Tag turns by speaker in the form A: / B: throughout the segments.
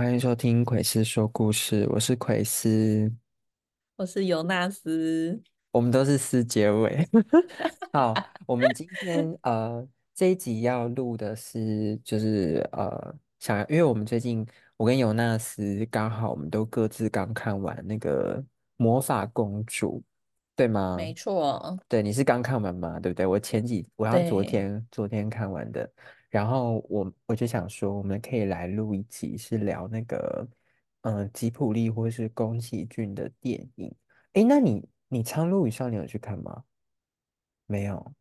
A: 歡迎收聽奎斯說故事，我是奎斯，我是尤納斯，我們都是斯結尾。 好， 我們今天呃這一集要錄的是就是呃想要，因為我們最近我跟尤納斯剛好，我們都各自剛看完那個魔法公主，對嗎？沒
B: 錯錯，
A: 對，你是剛看完嗎？對不對？我前幾，我好像昨天對昨天看完的。然後我我就想說，我們可以來錄一集，是聊那個，嗯、呃，吉普力或是宮崎駿的電影。哎，那你你《蒼鷺與少年》有去看嗎？沒有。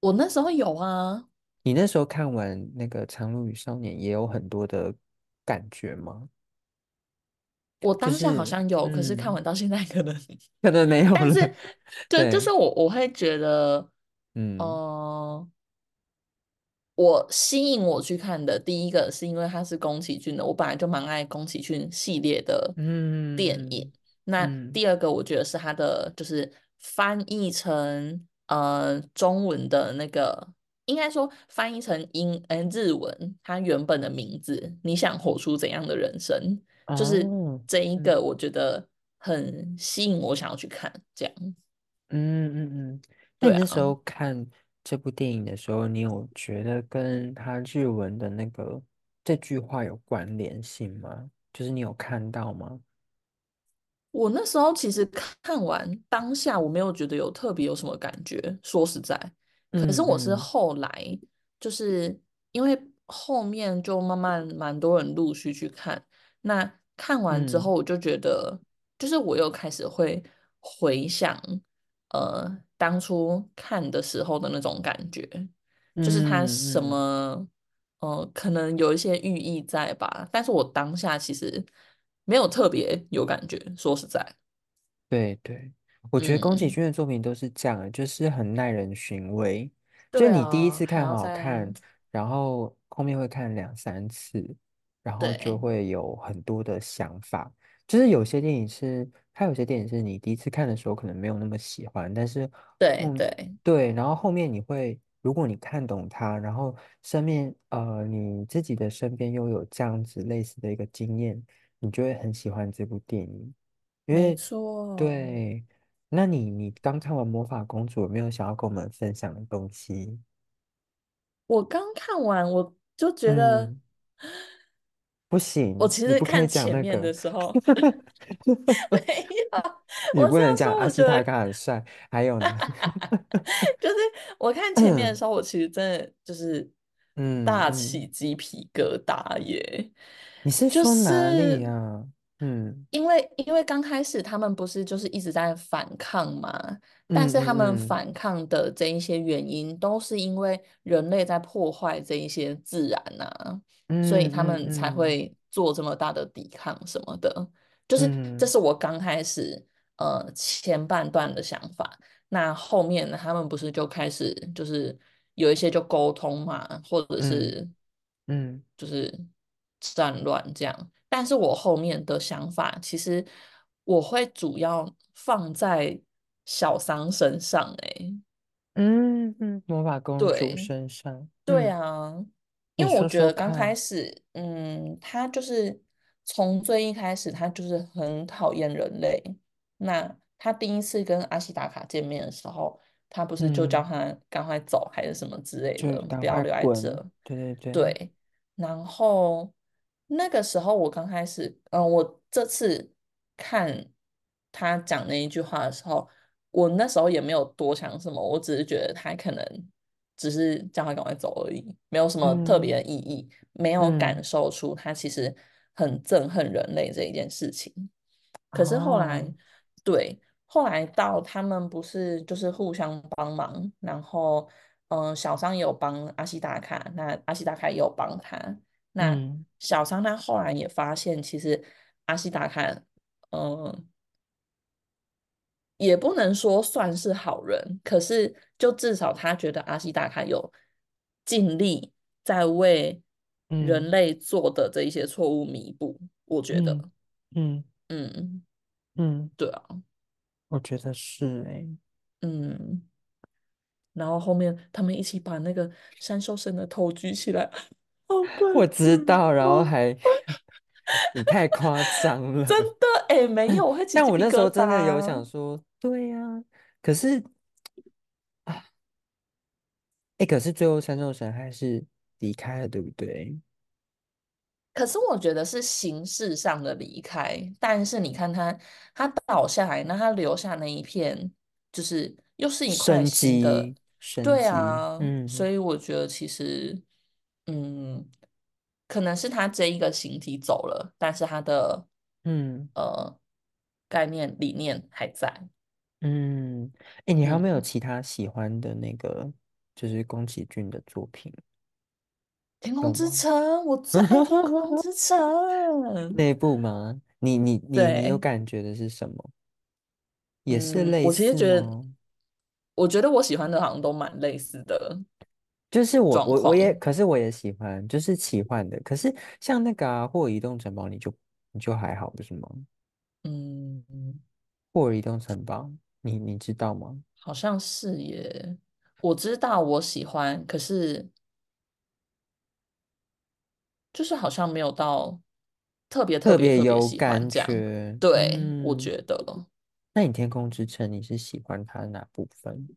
B: 我那時候有啊。
A: 你那時候看完那個《蒼鷺與少年》，也有很多的感覺嗎？
B: 我當時好像有，就是嗯、可是看完到現在，可能
A: 可能沒有了。但是就對，就是
B: 我我會覺得，
A: 嗯哦。呃
B: 我吸引我去看的第一個是因為它是宮崎駿的，我本來就蠻愛宮崎駿系列的電影。嗯、那第二個我覺得是他的，就是翻譯成、嗯、呃中文的那個，應該說翻譯成英、呃、日文，它原本的名字。你想活出怎樣的人生？哦、就是這一個，我覺得很吸引我，想要去看這樣。
A: 嗯嗯嗯，對、嗯嗯、那時候看、啊。這部電影的時候，你有覺得跟他日文的那個這句話有關聯性嗎？就是你有看到嗎？
B: 我那時候其實看完當下，我沒有覺得有特別有什麼感覺，說實在，
A: 可是我是
B: 後來，就是因為後面就慢慢蠻多人陸續去看，那看完之後，我就覺得，就是我又開始會回想，呃。當初看的時候的那種感覺，嗯、就是它什麼，嗯、呃，可能有一些寓意在吧。但是我當下其實沒有特別有感覺，說實在。
A: 對對，我覺得宮崎駿的作品都是這樣、嗯、就是很耐人尋味。哦、就你第一次看好，好看，然後，然後後面會看兩三次。然後就會有很多的想法，對就是有些電影是，它有些電影是你第一次看的時候可能沒有那麼喜歡，但是對、嗯、對對，然後後面你會如果你看懂它，然後身邊呃你自己的身邊又有這樣子類似的一個經驗，你就會很喜歡這部電影，因為錯對，那你你剛看完《魔法公主》有沒有想要跟我們分享的東西？
B: 我剛看完，我就覺得、嗯。
A: 不行，我其實看前面的時候， 沒有，你不能講 阿席達卡很帥， 還有呢，
B: 就是我看前面的時候，我其實真的就是
A: 大嗯，嗯，大起
B: 雞皮疙瘩耶，你
A: 是說哪裡呀、啊？嗯
B: 因，因為因為剛開始他們不是就是一直在反抗嘛，但是他們反抗的這一些原因都是因為人類在破壞這一些自然吶、啊，所以他們才會做這麼大的抵抗什麼的，嗯嗯嗯、就是這是我剛開始呃前半段的想法。那後面呢他們不是就開始就是有一些就溝通嘛，或者是
A: 嗯，
B: 就是戰亂這樣。但是我後面的想法，其實我會主要放在小桑身上，欸，
A: 哎，嗯嗯，魔法公主身上，對，嗯，對啊，嗯，因為我覺得剛開
B: 始，說說嗯，他就是從最一開始，他就是很討厭人類。那他第一次跟阿西達卡見面的時候，他不是就叫他趕快走還是什麼之類的，嗯，不要留在這，對，對對對，對，然後。那個時候我剛開始，嗯、呃，我這次看他講那一句話的時候，我那時候也沒有多想什麼，我只是覺得他可能只是叫他趕快走而已，沒有什麼特別的意義，嗯、沒有感受出他其實很憎恨人類這一件事情。嗯、可是後來，對，後來到他們不是就是互相幫忙，然後，嗯、呃，小桑也有幫阿西達卡，那阿西達卡也有幫他。那小桑，那後來也發現，其實阿西達卡，嗯、嗯、嗯，也不能說算是好人，可是就至少他覺得阿西達卡有盡力在為人類做的這一些錯誤彌補，嗯、我覺得，嗯嗯嗯、嗯、嗯，對啊，
A: 我覺得是哎、欸，
B: 嗯，然後後面他們一起把那個山獸神的頭舉起來。
A: Oh、God, 我知道，然後還你、oh、my 太誇張了，真
B: 的哎、欸，沒有，我會嘧
A: 嘧、啊、但我那時候真的有想說，對呀、啊，可是哎、啊欸，可是最後山獸神還是離開了，對不對？
B: 可是我覺得是形式上的離開，但是你看他，他倒下來，那他留下那一片，就是又是一塊新的，生機生機對啊，嗯，所以我覺得其實。嗯，可能是他這一個形體走了，但是他的嗯呃概念理念還在。
A: 嗯，哎、欸，你還有沒有其他喜歡的那個、嗯、就是宮崎駿的作品？
B: 天空之城，我知。天空之城那、啊、
A: 部嗎？你你對你沒有感覺的是什麼？也是類似、嗯。我其實覺
B: 得，我覺得我喜歡的好像都蠻類似的。
A: 就是我況我也，可是我也喜歡，就是奇幻的。可是像那個《啊，霍爾移動城堡》你，你就你就還好，不是嗎？嗯，《霍爾移動城堡》，你你知道嗎？
B: 好像是耶，我知道我喜歡，可是就是好像沒有到特別特別特別有感覺。對，嗯、我覺得了。
A: 那你《天空之城》，你是喜歡它哪部分？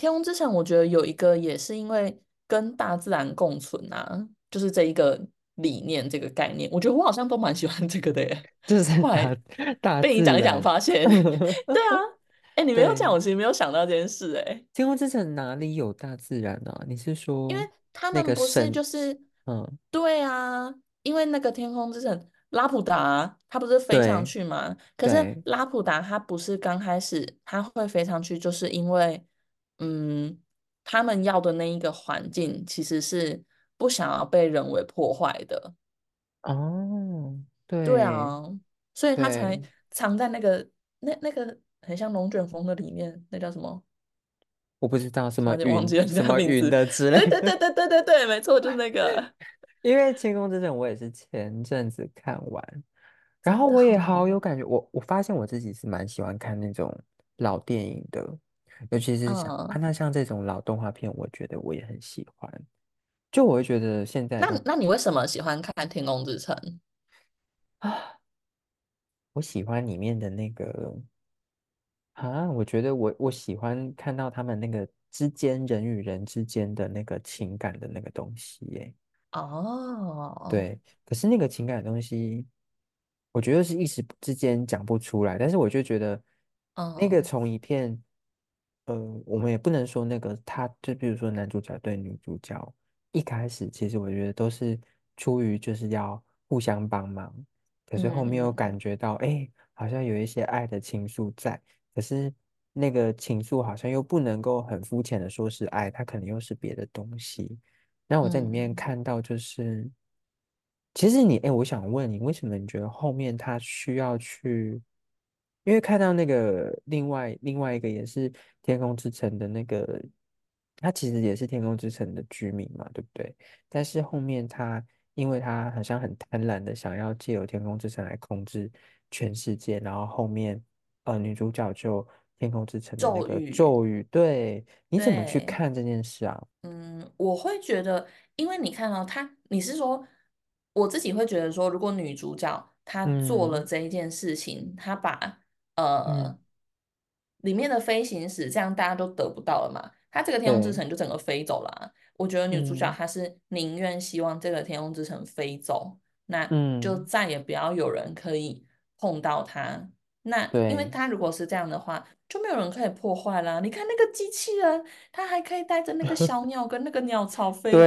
B: 天空之城，我覺得有一個也是因為跟大自然共存啊，就是這一個理念，這個概念，我覺得我好像都蠻喜歡這
A: 個的耶。就是大、大自然。後來被你講一講，發現
B: 對啊，哎、欸，你沒有講，
A: 對我其實沒有想到這件事，欸。哎，天空之城哪裡有大自然啊？你是說，因為他們不是就是嗯，
B: 對啊，因為那個天空之城拉普達，它不是飛上去嗎？對可是拉普達它不是剛開始它會飛上去，就是因為。嗯，他們要的那一個環境其實是不想要被人為破壞的。
A: 哦，對對啊，所以他才
B: 藏在那個對那那個很像龍捲風的裡面，那叫什麼？
A: 我不知道什麼雲什麼雲的之類的。對 對
B: 對對對對對，沒錯，就是那個。
A: 因為《天空之城》我也是前陣子看完， 然後我也好有感覺。我我發現我自己是蠻喜歡看那種老電影的。尤其是像那、oh. 像這種老動畫片，我覺得我也很喜歡。就我會覺得現在那
B: 那，你為什麼喜歡看《天空之城》
A: 啊？我喜歡裡面的那個啊，我覺得我我喜歡看到他們那個之間人與人之間的那個情感的那個東西耶。哎
B: 哦，對，
A: 可是那個情感的東西，我覺得是一時之間講不出來。但是我就覺得，嗯，那個從一片。Oh. 呃，我們也不能說那個他，就比如說男主角對女主角，一開始其實我覺得都是出於就是要互相幫忙，
B: 可是後面
A: 又感覺到，哎、嗯欸，好像有一些愛的情愫在，可是那個情愫好像又不能夠很膚淺的說是愛，它可能又是別的東西。那我在裡面看到就是，嗯、其實你，哎、欸，我想問你，為什麼你覺得後面他需要去？因為看到那個另外、另外一個也是天空之城的那個，他其實也是天空之城的居民嘛，對不對？但是後面他因為他好像很貪婪的想要借由天空之城來控制全世界，然後後面呃女主角就天空之城的、那個、咒語、咒語，對，你怎麼去看這件事啊？嗯，
B: 我會覺得，因為你看啊、哦，他，你是說我自己會覺得說，如果女主角她做了這一件事情，她、嗯、把呃，嗯、裡面的飛行石，這樣大家都得不到了嘛。它這個天空之城就整個飛走了，啊。對我覺得女主角她是寧願希望這個天空之城飛走，嗯、那就再也不要有人可以碰到它。嗯、那，因為它如果是這樣的話，就沒有人可以破壞啦。對你看那個機器人，它還可以帶着那個小鳥跟那個鳥巢飛走，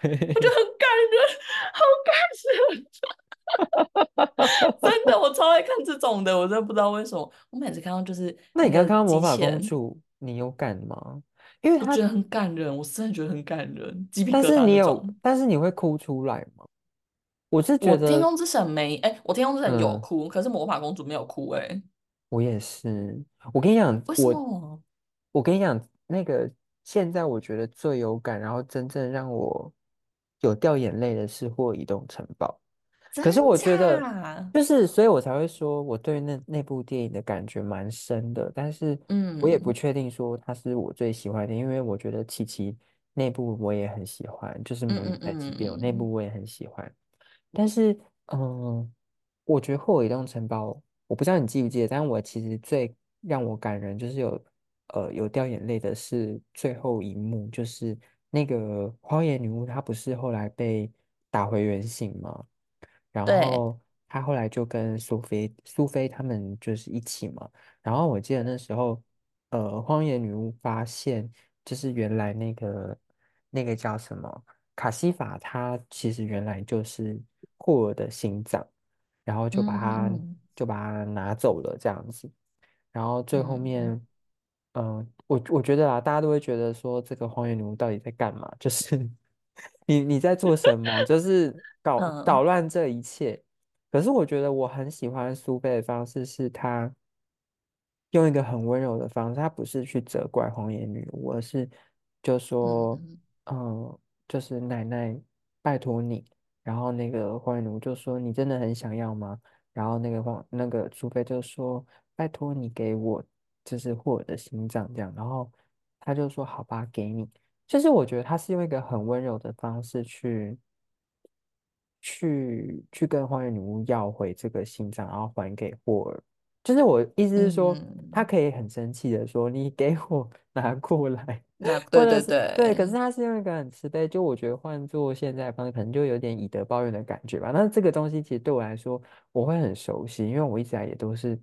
B: 對對，我就很感人，好感人。 哈哈哈！ 真的，我超愛看這種的，我真的不知道為什麼。我每次看到就是……那
A: 你剛剛看到魔法公主，你有感嗎？
B: 因為他覺得很感人，我真的覺得很感人，即便但是你有，
A: 但是你會哭出來嗎？我是覺得天空
B: 之城沒哎、欸，我天空之城有哭，嗯、可是魔法公主沒有哭哎、
A: 欸。我也是，我跟你講，我為什麼？我跟你講，那個現在我覺得最有感，然後真正讓我有掉眼淚的是《霍爾的移動城堡》。
B: 可是我覺得假
A: 就是，所以我才會說我對那那部電影的感覺蠻深的，但是嗯，我也不確定說它是我最喜歡的，嗯、因為我覺得琪琪那部我也很喜歡，就是《美女與野我那部我也很喜歡，但是嗯、呃，我覺得《霍爾移動城堡》，我不知道你記不記得，但是我其實最讓我感人就是有呃有掉眼淚的是最後一幕，就是那個荒野女巫她不是後來被打回原形嗎？然後他後來就跟蘇菲、對蘇菲他們就是一起嘛。然後我記得那時候，呃，荒野女巫發現就是原來那個那個叫什麼卡西法，他其實原來就是霍爾的心臟，然後就把他、嗯、就把他拿走了這樣子。然後最後面，嗯，呃、我我覺得啊，大家都會覺得說，這個荒野女巫到底在幹嘛？就是你你在做什麼？ 就是。搞搗亂這一切，嗯、可是我覺得我很喜歡蘇菲的方式，是她用一個很溫柔的方式，她不是去責怪荒野女巫，我而是就說，嗯、呃，就是奶奶，拜託你。然後那個荒野女巫就說：“你真的很想要嗎？”然後那個黃那個蘇菲就說：“拜託你給我，就是霍爾的心臟。”這樣，然後他就說：“好吧，給你。”就是我覺得他是用一個很溫柔的方式去。去去跟荒原女巫要回這個心臟，然後還給霍爾。就是我意思是說，嗯、他可以很生氣的說：“你給我拿過來。”對對對對，可是他是用一個很慈悲。就我覺得換做現在的方式，可能就有點以德報怨的感覺吧。那這個東西其實對我來說，我會很熟悉，因為我一直來也都是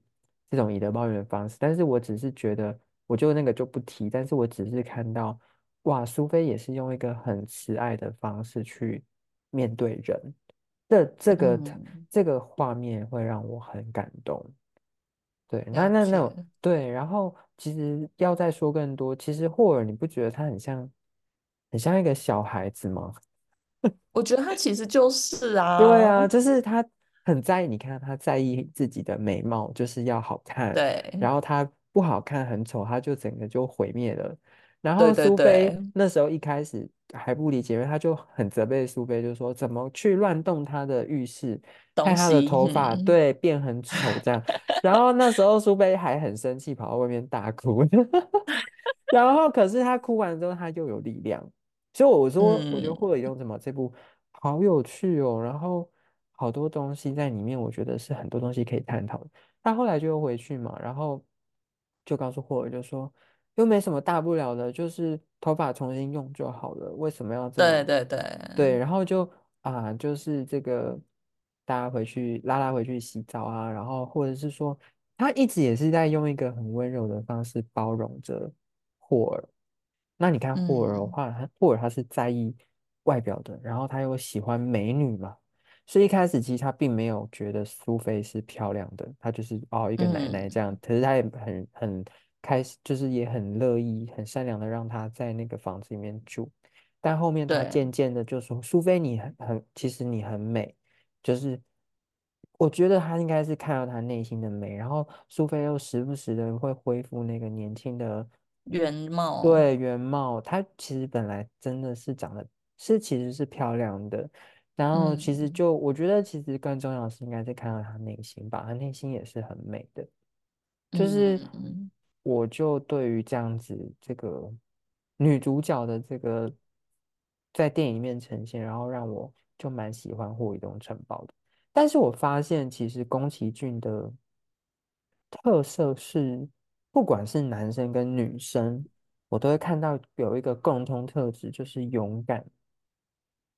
A: 這種以德報怨的方式。但是我只是覺得，我就那個就不提。但是我只是看到，哇，蘇菲也是用一個很慈愛的方式去面對人。這這個、嗯、這個畫面會讓我很感動，對，那那那，那對，然後其實要再說更多，其實霍爾你不覺得他很像，很像一個小孩子嗎？
B: 我覺得他其實就是啊，對啊，就是
A: 他很在意，你看他在意自己的美貌就是要好看，對，然後他不好看很醜，他就整個就毀滅了。然後蘇菲對對對那時候一開始。還不理解，因為他就很責備蘇菲，就說怎麼去亂動他的浴室，西看他的頭髮，嗯、對，變很醜這樣。然後那時候蘇菲還很生氣，跑到外面大哭。 然後可是他哭完之後，他又有力量。所以我說，嗯、我覺得霍爾用什麼這部好有趣哦，然後好多東西在裡面，我覺得是很多東西可以探討。他後來就回去嘛，然後就告訴霍爾，就說又沒什麼大不了的，就是。頭髮重新用就好了，為什麼要這樣？對對對對，然後就啊、呃，就是這個，大家回去拉拉回去洗澡啊，然後或者是說，他一直也是在用一個很溫柔的方式包容着霍爾。那你看霍爾的話，嗯、他霍爾他是在意外表的，然後他又喜歡美女嘛，所以一開始其實他並沒有覺得蘇菲是漂亮的，他就是哦一個奶奶這樣，嗯、可是他也很很。開始就是也很樂意、很善良的讓他在那個房子裡面住，但後面他漸漸的就說：“對蘇菲，你很很，其實你很美。”就是我覺得他應該是看到他內心的美，然後蘇菲又時不時的會恢復那個年輕的
B: 原貌。對，
A: 原貌，她其實本來真的是長得，是其實是漂亮的，然後其實就、嗯、我覺得其實更重要的是應該是看到她內心吧，她內心也是很美的，就是。嗯我就對於這樣子這個女主角的這個在電影裡面呈現，然後讓我就蠻喜歡霍爾的移動城堡的。但是我發現其實宮崎駿的特色是，不管是男生跟女生，我都會看到有一個共通特質，就是勇敢。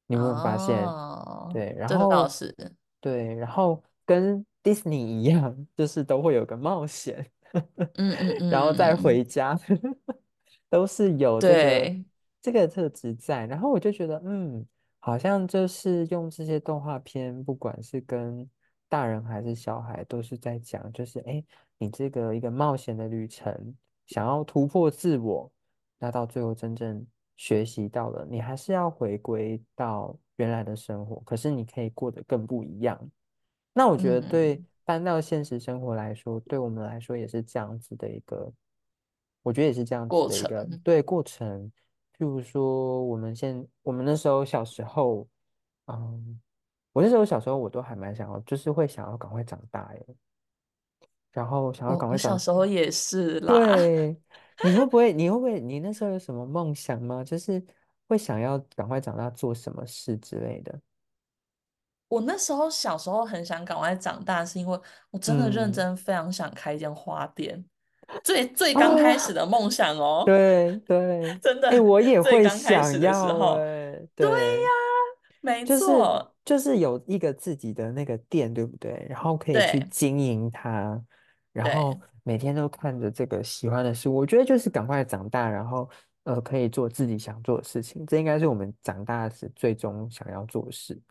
A: 你有沒有發現？Oh, 對，然後對，然後跟迪士尼一樣，就是都會有個冒險。 然後再回家， 都是有的，這個。對這個特質在。然後我就覺得，嗯，好像就是用這些動畫片，不管是跟大人還是小孩，都是在講，就是哎，你這個一個冒險的旅程，想要突破自我，那到最後真正學習到了，你還是要回歸到原來的生活，可是你可以過得更不一樣。
B: 那我覺得對。
A: 嗯搬到現實生活來說，對我們來說也是這樣子的一個，我覺得也是這樣子的一個過程，對，過程。譬如說，我們現，我們那時候小時候，嗯，我那時候小時候，我都還蠻想要，就是會想要趕快長大哎，然後想要趕快長。哦，小
B: 時候也是啦。對，
A: 你會不會？你會不會？你那時候有什麼夢想嗎？就是會想要趕快長大做什麼事之類的？
B: 我那時候小時候很想趕快長大，是因為我真的認真非常想開一間花店，嗯、最最剛開始的夢想哦。
A: 對、哦、對，對 真的，哎、欸，我也會想要，對呀、啊，沒錯、
B: 就是，
A: 就是有一個自己的那個店，對不對？然後可以去經營它，對然後每天都看着這，對這個喜歡的事。我覺得就是趕快長大，然後呃，可以做自己想做的事情。這應該是我們長大時最終想要做的事。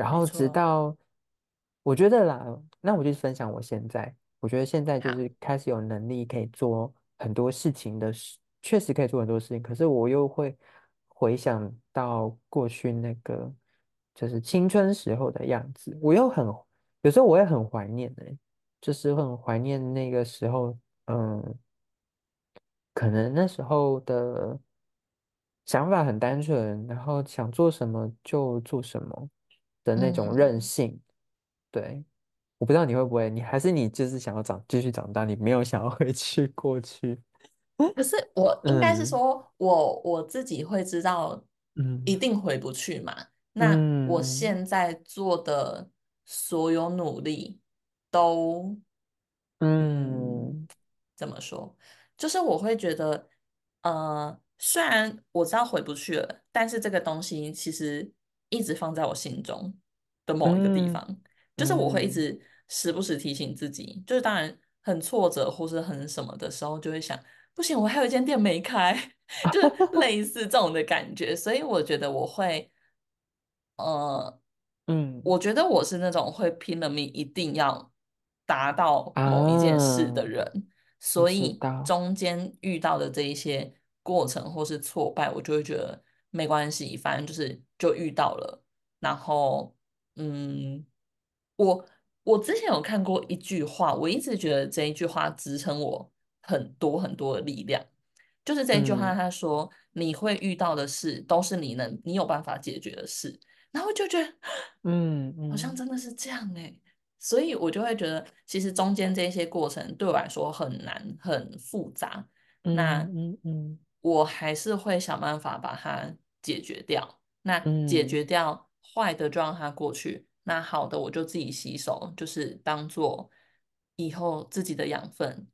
A: 然後直到，我覺得啦，沒錯。那我就分享我現在，我覺得現在就是開始有能力可以做很多事情的，事，確實可以做很多事情。可是我又會回想到過去那個，就是青春時候的樣子，我又很有時候我也很懷念哎、欸，就是很懷念那個時候，嗯，可能那時候的想法很單純，然後想做什麼就做什麼。的那種任性，嗯、對，我不知道你會不會，你還是你就是想要長繼續長大，你沒有想要回去過去。
B: 可是我，應該是說我、嗯、我自己會知道，嗯，一定回不去嘛。嗯、那我現在做的所有努力都，嗯，嗯，怎麼說？就是我會覺得，呃，雖然我知道回不去了，但是這個東西其實。一直放在我心中的某一個地方，嗯、就是我會一直時不時提醒自己，嗯、就是當然很挫折或是很什麼的時候，就會想不行，我還有一間店沒開， 就是類似這種的感覺。所以我覺得我會，呃嗯，我覺得我是那種會拼了命一定要達到某一件事的人，啊、所以中間遇到的這一些過程或是挫敗，我就會覺得。沒關係，反正就是就遇到了，然後，嗯，我我之前有看過一句話，我一直覺得這一句話支撐我很多很多的力量，就是這一句話，他說你會遇到的事都是你能你有辦法解決的事，然後就覺得，嗯，好像真的是這樣哎、欸，所以我就會覺得其實中間這一些過程對我來說很難很複雜，那嗯嗯，我還是會想辦法把它。解決掉，那解決掉壞的就讓它過去，嗯、那好的我就自己洗手，就是當做以後自己的養分。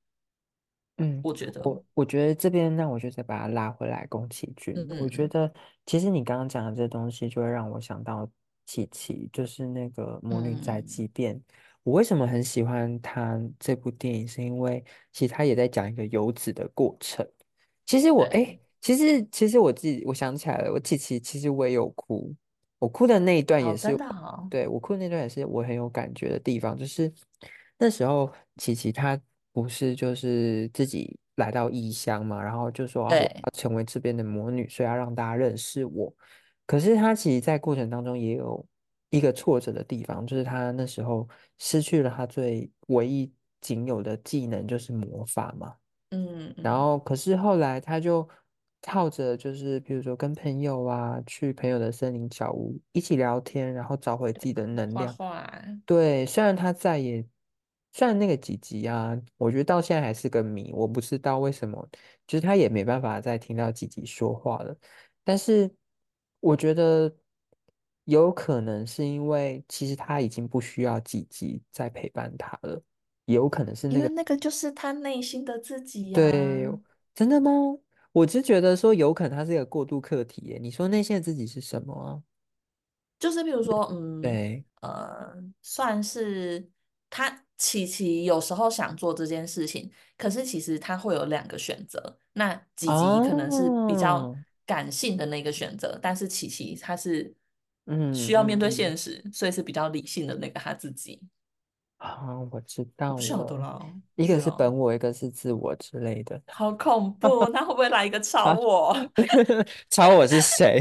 A: 嗯我我，我覺得我我覺得這邊，那我就再把它拉回來，宮崎駿。嗯嗯我覺得其實你剛剛講的這東西，就會讓我想到《琪琪》，就是那個《魔女宅急便》嗯。我為什麼很喜歡他這部電影，是因為其實他也在講一個遊子的過程。其實我哎。其實，其實我自己我想起來了，我琪琪其實我也有哭，我哭的那一段也是，oh, 哦、對我哭的那段也是我很有感覺的地方，就是那時候琪琪她不是就是自己來到異鄉嘛，然後就說、啊、要成為這邊的魔女，對所以要讓大家認識我。可是她其實，在過程當中也有一個挫折的地方，就是她那時候失去了她最唯一僅有的技能，就是魔法嘛。嗯，然後可是後來她就。靠着，就是比如說跟朋友啊，去朋友的森林小屋一起聊天，然後找回自己的能量。畫畫對，雖然他再也，雖然那個吉吉啊，我覺得到現在還是個謎，我不知道為什麼，就是他也沒辦法再聽到吉吉說話了。但是我覺得有可能是因為其實他已經不需要吉吉在陪伴他了，也有可能是那個
B: 那個就是他內心的自己、啊。對，
A: 真的嗎？我就覺得說，有可能它是一個過渡客體。哎，你說內線自己是什麼？
B: 就是譬如說，嗯，對，呃，算是他琪琪有時候想做這件事情，可是其實他會有兩個選擇。那吉吉可能是比較感性的那個選擇，哦、但是琪琪他是嗯需要面對現實，嗯、所以是比較理性的那個他自己。
A: 啊，我知道我我了。一個是本我，道一個是自我之類的。
B: 好恐怖，哦！那 會不會來一個超我？
A: 啊、 超我是誰？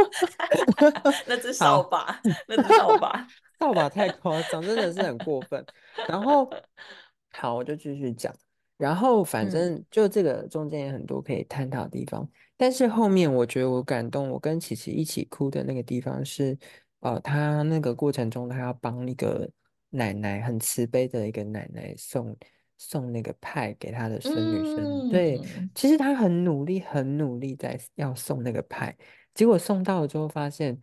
B: 那只掃把，好 那只
A: 掃把，掃 把太誇張，真的是很過分。 然後，好，我就繼續講。然後，反正就這個中間有很多可以探討的地方。嗯、但是後面我覺得我感動，我跟琪琪一起哭的那個地方是，哦、呃，他那個過程中他要幫一個。奶奶很慈悲的一個奶奶送送那個派給她的孫女生，嗯，對，其實她很努力，很努力在要送那個派，結果送到了之後發現，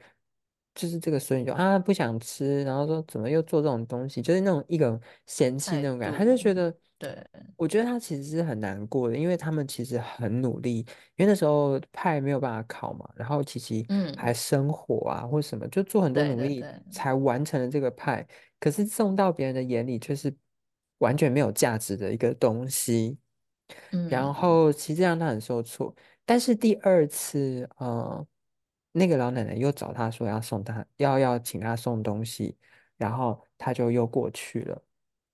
A: 就是這個孫女就啊不想吃，然後說怎麼又做這種東西，就是那種一個嫌棄那種感覺，哎、對他就覺得，對，我覺得他其實是很難過的，因為他們其實很努力，因為那時候派沒有辦法烤嘛，然後琪琪嗯還生火啊、嗯、或什麼，就做很多努力才完成了這個派。對對對可是送到別人的眼裡卻是完全沒有價值的一個東西，嗯、然後其實讓他很受挫。但是第二次，呃，那個老奶奶又找他說要送他要要請他送東西，然後他就又過去了。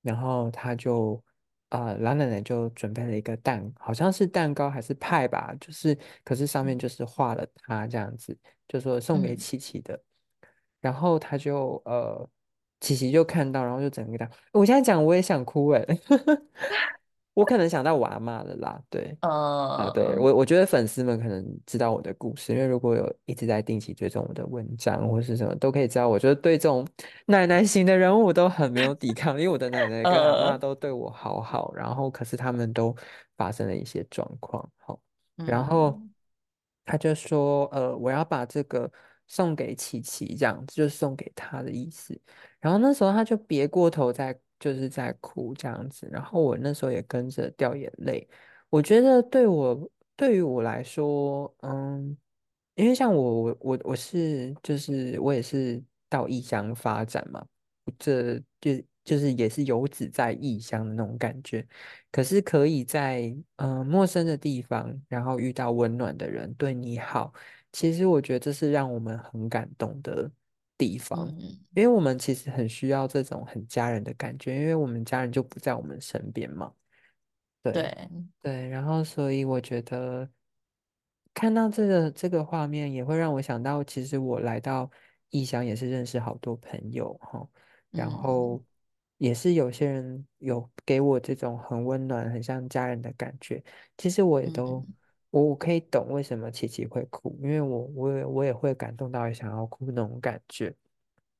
A: 然後他就呃，老奶奶就準備了一個蛋，好像是蛋糕還是派吧，就是可是上面就是畫了他這樣子，就說送給琪琪的。嗯、然後他就呃。琪琪就看到，然後就整個他，我現在講我也想哭哎， 我可能想到我阿嬤了啦，對，啊、uh，uh, 對，我我覺得粉絲們可能知道我的故事，因為如果有一直在定期追蹤我的文章或是什麼，都可以知道。我覺得對這種奶奶型的人物都很沒有抵抗力， 因為我的奶奶跟阿媽都對我好好，然後可是他們都發生了一些狀況，哦 mm hmm. 然後他就說，呃，我要把這個送給琪琪，這樣就是送給他的意思。然後那時候他就別過頭在就是在哭這樣子，然後我那時候也跟着掉眼淚。我覺得對我對於我來說，嗯，因為像我我我我是就是我也是到異鄉發展嘛，這就就是也是遊子在異鄉的那種感覺。可是可以在嗯陌生的地方，然後遇到溫暖的人對你好，其實我覺得這是讓我們很感動的。地方，因為我們其實很需要這種很家人的感覺，因為我們家人就不在我們身邊嘛。對對，對，然後所以我覺得看到這個這個畫面，也會讓我想到，其實我來到異鄉也是認識好多朋友，哦，然後也是有些人有給我這種很溫暖、很像家人的感覺，其實我也都。嗯我我可以懂為什麼琪琪會哭，因為我我也我也會感動到想要哭那種感覺，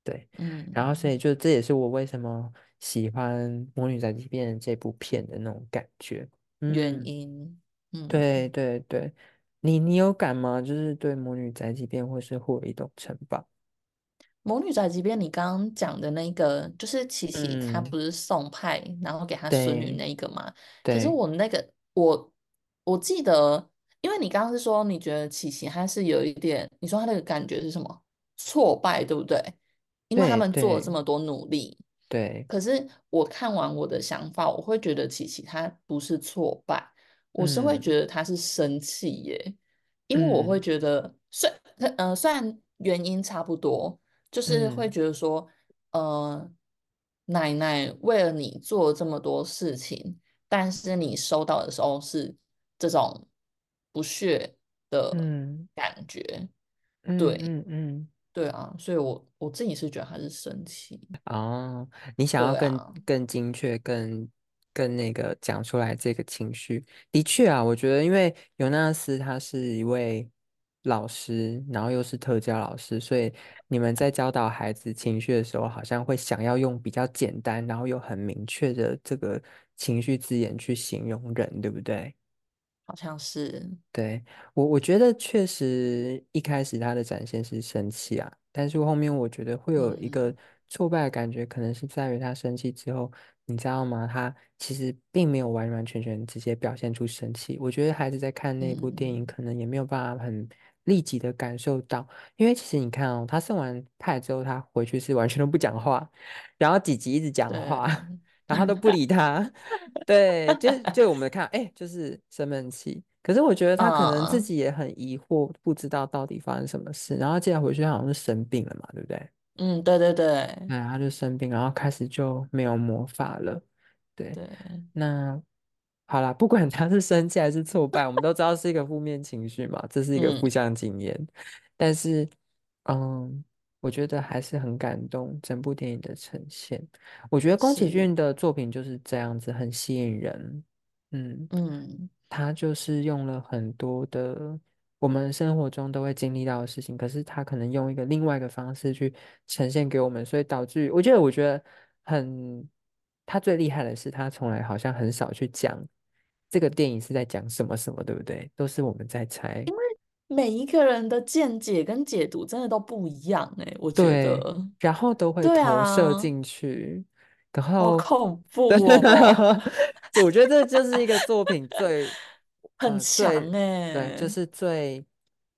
A: 對，嗯，然後所以就這也是我為什麼喜歡《魔女宅急便》這部片的那種感覺、嗯、
B: 原因，嗯，
A: 對對對，你你有感嗎？就是對《魔女宅急便》或是《霍一特城堡》？
B: 《魔女宅急便》，你剛剛講的那個就是琪琪，她不是送派、嗯、然後給她孫女那個嘛。對可是我那個我我記得。因為你剛剛是說，你覺得琪琪他是有一點，你說他那個感覺是什麼？挫敗，對不對？因為他們做了這麼多努力，
A: 對。對對，可
B: 是我看完我的想法，我會覺得琪琪他不是挫敗，
A: 我是會
B: 覺得他是生氣耶。嗯、
A: 因為我會
B: 覺得，雖呃雖然原因差不多，就是會覺得說，嗯、呃，奶奶為了你做了這麼多事情，但是你收到的時候是這種。不屑的感覺，嗯、對，嗯嗯，嗯嗯對啊，所以我我自己是覺得他是生氣
A: 啊。你想要更、啊、更精確、更更那個講出來這個情緒，的確啊，我覺得因為尤納斯他是一位老師，然後又是特教老師，所以你們在教導孩子情緒的時候，好像會想要用比較簡單，然後又很明確的這個情緒字眼去形容人，對不對？好像是對我，我覺得確實一開始他的展現是生氣啊，但是後面我覺得會有一個挫敗的感覺，嗯、可能是在於他生氣之後，你知道嗎？他其實並沒有完完全全直接表現出生氣。我覺得孩子在看那部電影，可能也沒有辦法很立即的感受到，嗯、因為其實你看哦，他送完派之後，他回去是完全都不講話，然後吉吉一直講話。 他都不理他，對，就就我們看，哎、欸，就是生悶氣。可是我覺得他可能自己也很疑惑，uh, 不知道到底發生什麼事。然後接着回去，他好像是生病了嘛，對不對？嗯，對對對。哎、嗯，他就生病，然後開始就沒有魔法了。對對。那好啦，不管他是生氣還是挫敗， 我們都知道是一個負面情緒嘛，這是一個互相經驗。嗯、但是，嗯。我覺得還是很感動，整部電影的呈現。我覺得宮崎駿的作品就是這樣子，是很吸引人。嗯嗯，他就是用了很多的我們生活中都會經歷到的事情，可是他可能用一個另外一個方式去呈現給我們，所以導致我覺得我覺得很他最厲害的是，他從來好像很少去講這個電影是在講什麼什麼，對不對？都是我們在猜。
B: 每一個人的見解跟解讀真的都不一樣哎、欸，
A: 我覺得對，然後都會投射進去，啊、然後恐怖，oh, 我覺得這就是一個作品最、 呃、很強哎、欸，就是最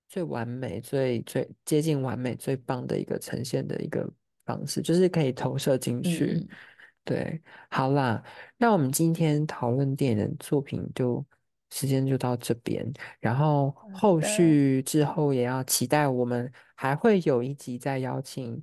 A: 最完美、最最接近完美、最棒的一個呈現的一個方式，就是可以投射進去。嗯、對，好啦，那我們今天討論電影的作品就。時間就到這邊，然後後續之後也要期待我們還會有一集再邀請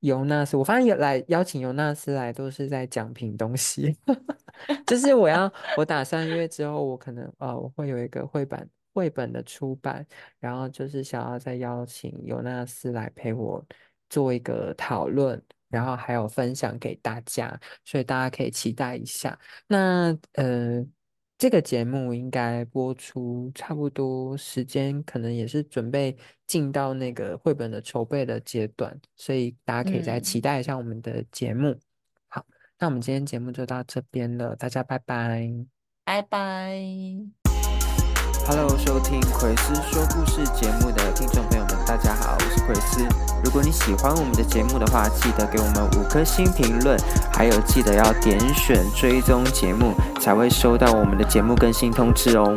A: 尤納斯。我發現來邀請尤納斯來都是在講評東西， 就是我要 我打算因為之後我可能啊、哦、我會有一個繪本繪本的出版，然後就是想要再邀請尤納斯來陪我做一個討論，然後還有分享給大家，所以大家可以期待一下。那呃。這個節目應該播出差不多時間，可能也是準備進到那個繪本的籌備的階段，所以大家可以再期待一下我們的節目。嗯。好，那我們今天節目就到這邊了，大家拜拜，拜
B: 拜。
A: Hello，收聽奎斯說故事節目的聽眾朋友們，大家好，我是奎斯。如果你喜歡我們的節目的話，記得給我們五顆星評論，還有記得要點選追蹤節目，才會收到我們的節目更新通知哦。